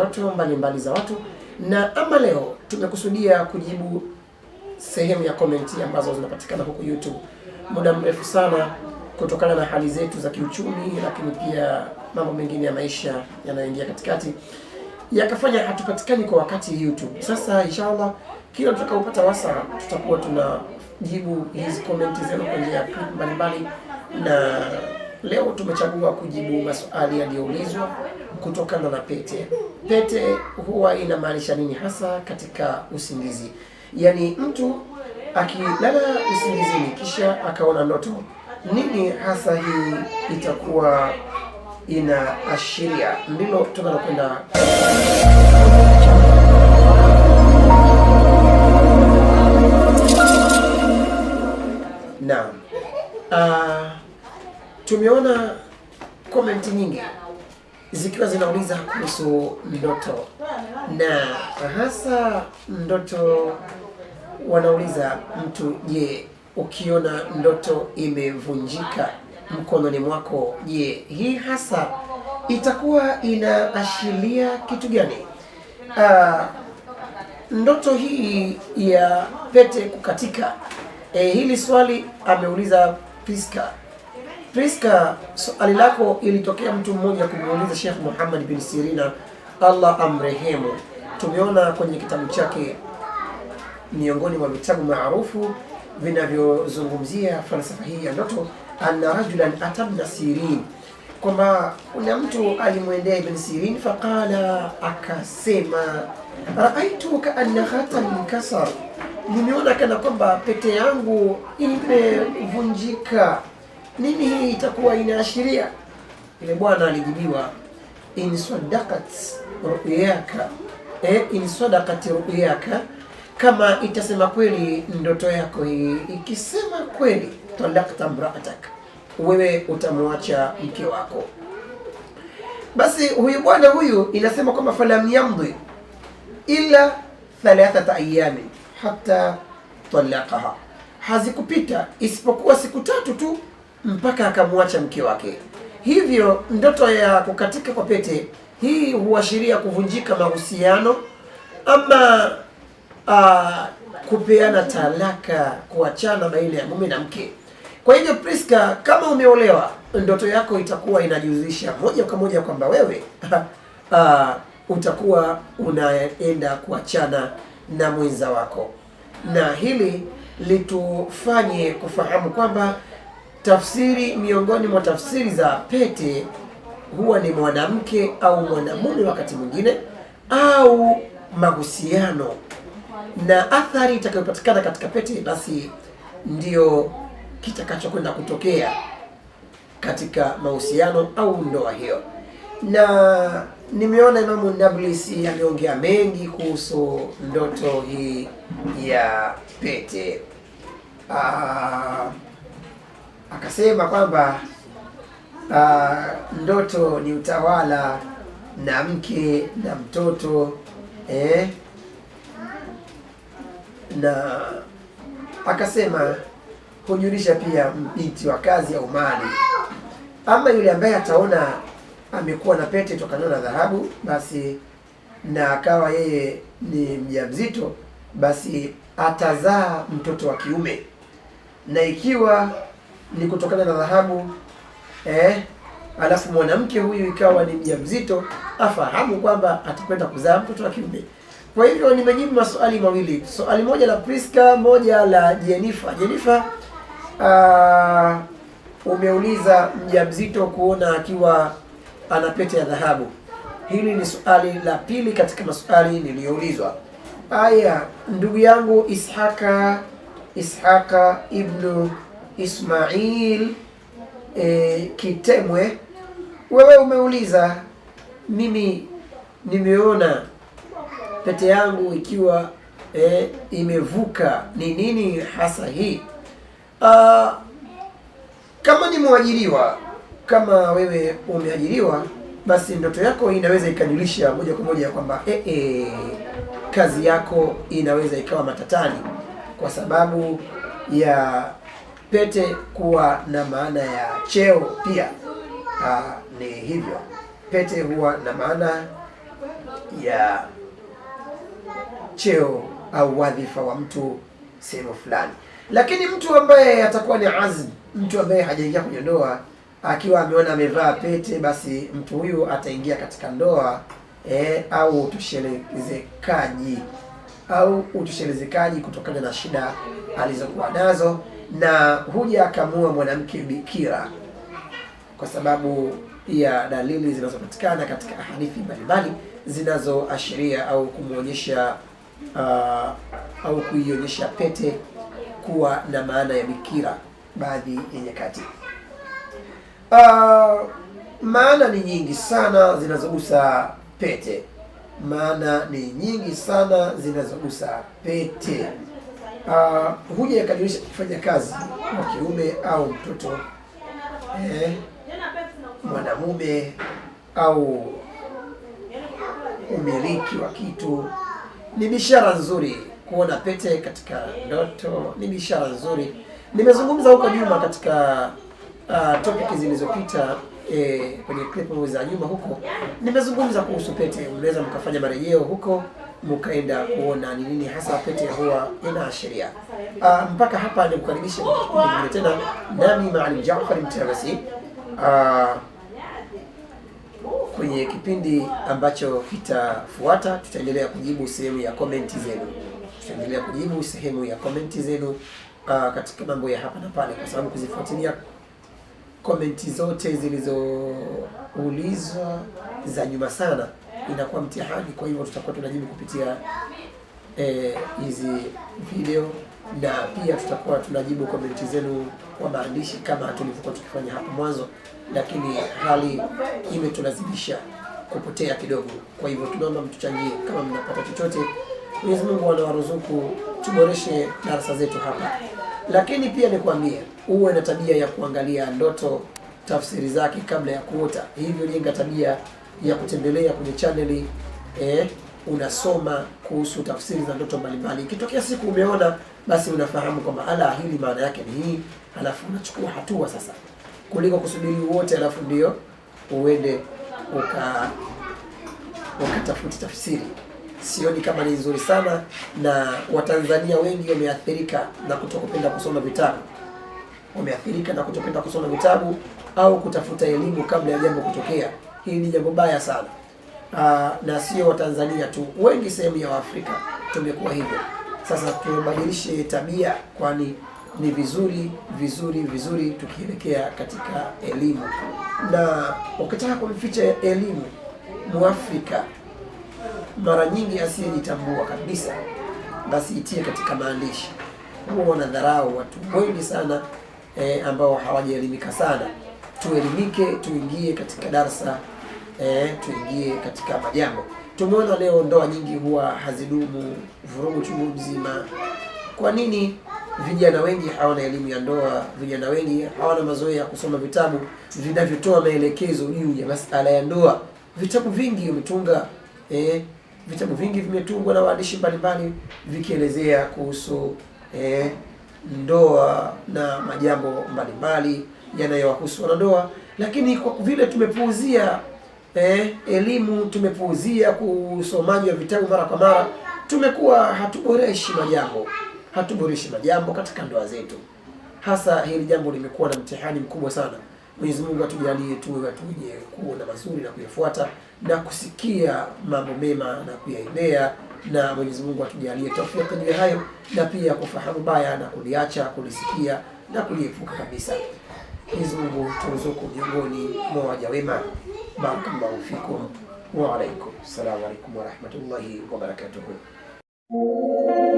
watu mbalimbali za watu, na ama leo tumekusudia kujibu sehemu ya komenti ambazo zinapatikana huko YouTube muda mrefu sana, kutokana na hali zetu za kiuchumi, lakini pia mambo mengine ya maisha yanayoingia katikati yakafanya hatupatikani kwa wakati YouTube. Sasa inshallah, kila tutakaopata wasa tutakuwa tunajibu hizi komenti zenu kwa njia ya mbalimbali na Leo tumechagua kujibu maswali yaliyoulizwa kutokana na pete. Pete huwa inamaanisha nini hasa katika usingizi? Yaani mtu akilala usingizini kisha akaona ndoto, nini hasa hii itakuwa inaashiria? Ndilo tunalokwenda naam. Ah, Tumeona comment nyingi zikiwa zinauliza kuhusu ndoto na hasa ndoto, wanauliza mtu, je, ukiona ndoto imevunjika mkononi mwako, je, hii hasa itakuwa inaashiria kitu gani? Uh, ndoto hii ya pete kukatika. E, hili swali ameuliza Priska Priska, swali lako ilitokea mtu mmoja kumuuliza Sheikh Muhammad bin Sirina, Allah amrehemu. Tumeona kwenye kitabu chake miongoni mwa vitabu maarufu vinavyozungumzia falsafa hii ya ndoto, anna rajulan atabna Sirin, kwamba kuna mtu alimwendea Ibn Sirin, faqala, akasema raaitu ka anna khatamin kasar, nimeona kana kwamba pete yangu imevunjika nini hii itakuwa inaashiria? Ile bwana alijibiwa, in sadakat ruyaka eh, in sadakat ruyaka, kama itasema kweli ndoto yako hii, ikisema kweli talakta mraatak, wewe utamwacha mke wako. Basi huyu bwana huyu inasema kwamba falam yamdi illa thalathat ayamin hatta talaqaha, hazikupita isipokuwa siku tatu tu mpaka akamwacha mke wake. Hivyo ndoto ya kukatika kwa pete hii huashiria kuvunjika mahusiano ama a, kupeana talaka, kuachana baina ya mume na mke. Kwa hivyo Priska, kama umeolewa, ndoto yako itakuwa inajihusisha moja kwa moja kwamba wewe a, utakuwa unaenda kuachana na mwenza wako, na hili litufanye kufahamu kwamba Tafsiri miongoni mwa tafsiri za pete huwa ni mwanamke au mwanamume wakati mwingine, au mahusiano. Na athari itakayopatikana katika pete basi ndio kitakachokwenda kutokea katika mahusiano au ndoa hiyo. Na nimeona Imamu Nablis ameongea mengi kuhusu ndoto hii ya pete. Aa, ah, akasema kwamba uh, ndoto ni utawala na mke na mtoto eh, na akasema hujulisha pia binti wa kazi au mali. Ama yule ambaye ataona amekuwa na pete tokana na dhahabu, basi na akawa yeye ni mjamzito, basi atazaa mtoto wa kiume, na ikiwa ni kutokana na dhahabu eh, alafu mwanamke huyu ikawa ni mjamzito, afahamu kwamba atakwenda kuzaa mtoto wa kiume. Kwa hivyo nimejibu maswali mawili, swali moja la Priska, moja la Jenifa. Jenifa, uh, umeuliza mjamzito kuona akiwa ana pete ya dhahabu. Hili ni swali la pili katika maswali niliyoulizwa. Aya, ndugu yangu Ishaka Ishaka ibnu Ismail e, Kitemwe, wewe umeuliza mimi nimeona pete yangu ikiwa e, imevuka. Ni nini hasa hii? Aa, ah, kama ni mwajiriwa, kama wewe umeajiriwa, basi ndoto yako inaweza ikajulisha moja kwa moja kwamba e, e, kazi yako inaweza ikawa matatani kwa sababu ya pete kuwa na maana ya cheo pia. Aa, ah, ni hivyo, pete huwa na maana ya cheo au wadhifa wa mtu sehemu fulani. Lakini mtu ambaye atakuwa ni azm, mtu ambaye hajaingia kwenye ndoa akiwa ameona amevaa pete, basi mtu huyu ataingia katika ndoa e, au utoshelezekaji au utoshelezekaji kutokana na shida alizokuwa nazo na huja akamua mwanamke bikira, kwa sababu ya dalili zinazopatikana katika hadithi mbalimbali zinazoashiria au kumwonyesha uh, au kuionyesha pete kuwa na maana ya bikira baadhi ya nyakati. Uh, maana ni nyingi sana zinazogusa pete, maana ni nyingi sana zinazogusa pete uh, huja yakadirisha kifanya kazi wa kiume au mtoto eh, mwanamume au umiliki wa kitu. Ni bishara nzuri kuona pete katika ndoto, ni bishara nzuri. Nimezungumza huko nyuma katika uh, topic zilizopita eh, kwenye clip za nyuma huko nimezungumza kuhusu pete, unaweza mkafanya marejeo huko mkaenda kuona ni nini hasa pete huwa inaashiria. Uh, mpaka hapa ni kukaribisha tena, nami Maalim Jaafar Mtavassy uh, kwenye kipindi ambacho kitafuata tutaendelea kujibu sehemu ya komenti zenu, tutaendelea kujibu sehemu ya komenti zenu uh, katika mambo ya hapa na pale, kwa sababu kuzifuatilia komenti zote zilizoulizwa za nyuma sana inakuwa mtihani. Kwa hivyo tutakuwa tunajibu kupitia eh, hizi eh, video na pia tutakuwa tunajibu komenti zenu kwa maandishi kama tulivyokuwa tukifanya hapo mwanzo, lakini hali imetulazimisha kupotea kidogo. Kwa hivyo tunaomba mtuchangie kama mnapata chochote. Mwenyezi Mungu anawaruzuku tuboreshe darasa zetu hapa, lakini pia nikwambie, uwe na tabia ya kuangalia ndoto, tafsiri zake kabla ya kuota, hivyo jenga tabia ya kutembelea kwenye chaneli eh, unasoma kuhusu tafsiri za ndoto mbalimbali. Ikitokea siku umeona, basi unafahamu kwamba ala, hili maana yake ni hii, alafu unachukua hatua sasa, kuliko kusubiri wote alafu ndio uende uka ukatafuti tafsiri. Sioni kama ni nzuri sana, na Watanzania wengi wameathirika na kutokupenda kusoma vitabu, wameathirika na kutokupenda kusoma vitabu au kutafuta elimu kabla ya jambo kutokea. Hili ni jambo baya sana. Aa, ah, na sio Watanzania tu, wengi sehemu ya Waafrika tumekuwa hivyo. Sasa tubadilishe tabia, kwani ni vizuri vizuri vizuri tukielekea katika elimu. Na ukitaka kumficha elimu, Mwafrika mara nyingi asiyejitambua kabisa, basi itie katika maandishi. Huwa wanadharau watu wengi sana eh, ambao hawajaelimika sana tuelimike, tuingie katika darsa eh, tuingie katika majambo. Tumeona leo ndoa nyingi huwa hazidumu, vurugu chungu mzima. Kwa nini? Vijana wengi hawana elimu ya ndoa, vijana wengi hawana mazoea ya kusoma vitabu vinavyotoa maelekezo juu ya masala ya ndoa. Vitabu vingi umetunga eh, vitabu vingi vimetungwa na waandishi mbalimbali vikielezea kuhusu eh, ndoa na majambo mbalimbali yanayowahusu wanandoa, lakini kwa vile tumepuuzia eh, elimu, tumepuuzia kusomaji wa vitabu mara kwa mara, tumekuwa hatuboreshi majambo, hatuboreshi majambo katika ndoa zetu. Hasa hili jambo limekuwa na mtihani mkubwa sana. Mwenyezi Mungu atujalie tuwe tuje kuwa na mazuri na kuyafuata na kusikia mambo mema na kuyaendea, na Mwenyezi Mungu atujalie tawfiki juu ya hayo, na pia kufahamu baya na kuliacha, kulisikia na kuliepuka kabisa. Mwenyezi Mungu turuzuku miongoni mwa waja wema. Barakallahu fikum wa alaikum Assalamu alaikum wa rahmatullahi wa barakatuh.